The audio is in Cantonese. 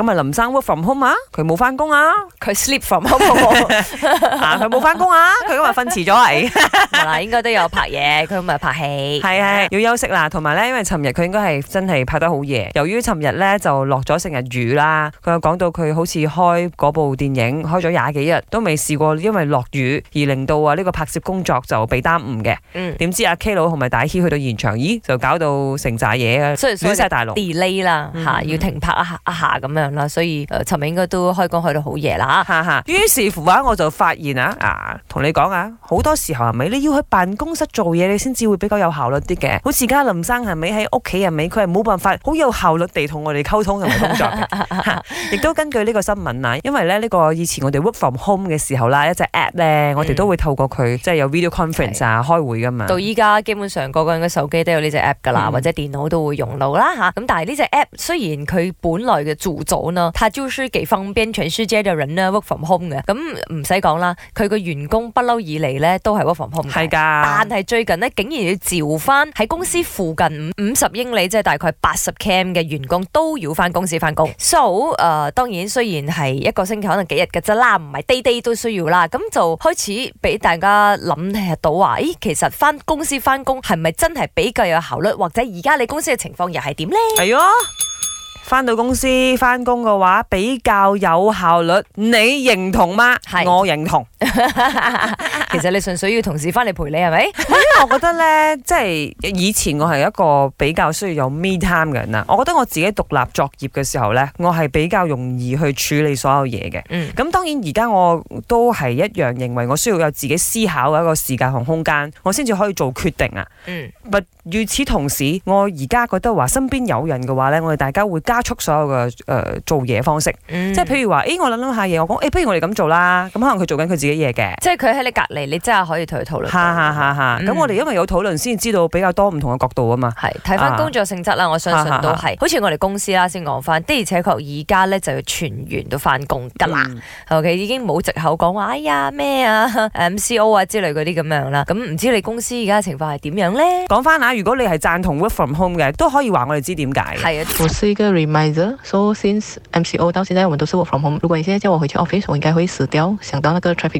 咁啊，林生 work from home 啊，佢冇翻工啊，佢 sleep from home 啊，佢冇翻工啊，佢 今日瞓遲咗嚟，嗱， 應該都有拍嘢，佢唔係拍戲，係係要休息啦。同埋咧，因為尋日佢應該係真係拍得好夜，由於尋日咧就落咗成日雨啦，佢又講到佢好似開嗰部電影開咗廿幾日，都未試過因為落雨而令到啊呢個拍攝工作就被耽誤嘅。點點、嗯、知阿 K 佬同埋大謙去到現場，咦，就搞到成扎嘢啊，所以使晒大龍 delay 啦了，吓、嗯、要停拍一下一下咁樣。啦，所以誒，尋、呃、日應該都開工開到好夜啦嚇。於是乎話我就發現啊啊，同你講啊，好多時候係咪你要去辦公室做嘢，你先至會比較有效率啲嘅。好似家林生係咪喺屋企係咪？佢係冇辦法好有效率地同我哋溝通同埋工作、 啊、亦都根據呢個新聞啦，因為咧呢個以前我哋 work from home 嘅時候啦，一隻 app 咧，我哋都會透過佢、嗯、即係有 video conference 啊是開會噶嘛。到依家基本上個個人嘅手機都有呢隻 app 㗎啦，嗯、或者電腦都會用到啦嚇咁、啊、但係呢隻 app 雖然佢本來嘅作呢他招書幾方便全書姐人忍啦 work from home 嘅，咁唔使講啦，佢個員工不嬲以嚟呢都係 work from home，係噶，的但係最近呢竟然要召翻喺公司附近五十英里，即係大概八十 km 嘅員工都要翻公司翻工。so 誒、呃，當然雖然係一個星期可能幾日嘅啫啦，唔係 day day 都需要啦，咁就開始俾大家諗到話，咦、哎，其實翻公司翻工係咪真係比較有效率，或者而家你公司嘅情況又係點呢？哎」係啊。返到公司返工嘅話比較有效率，你認同嗎？是我認同。 其實你純粹要同事翻嚟陪你係咪？因為 我覺得咧，即係以前我係一個比較需要有 me time 嘅人啦。我覺得我自己獨立作業嘅時候咧，我係比較容易去處理所有嘢嘅。咁、嗯、當然而家我都係一樣認為，我需要有自己思考嘅一個時間同空間，我先至可以做決定啊。不，與、嗯、此同時，我而家覺得話身邊有人嘅話咧，我哋大家會加速所有嘅誒做嘢方式。嗯、即係譬如話，誒我諗諗下嘢，我講、欸，不如我哋咁做啦。咁可能佢做緊佢自己。嘅嘢嘅，即係佢喺你隔籬，你真係可以同佢討論。咁、 嗯、我哋因為有討論，先知道比較多唔同嘅角度啊嘛。係睇翻工作性質啦，啊、我相信都係。啊啊、好似我哋公司啦，先講翻的，而且確而家咧就要全員都翻工噶啦。嗯、O.K. 已經冇藉口講話，哎呀咩啊，M.C.O. 啊之類嗰啲咁樣啦。咁唔知你公司而家嘅情況係點樣咧？講翻下，如果你係贊同 work from home 嘅，都可以話我哋知點解。係啊，我是一個 reminder。 so since M.C.O. 到現在我們都是 work from home。如果你現在叫我回去 office，我應該可以死掉。想到那個 traffic。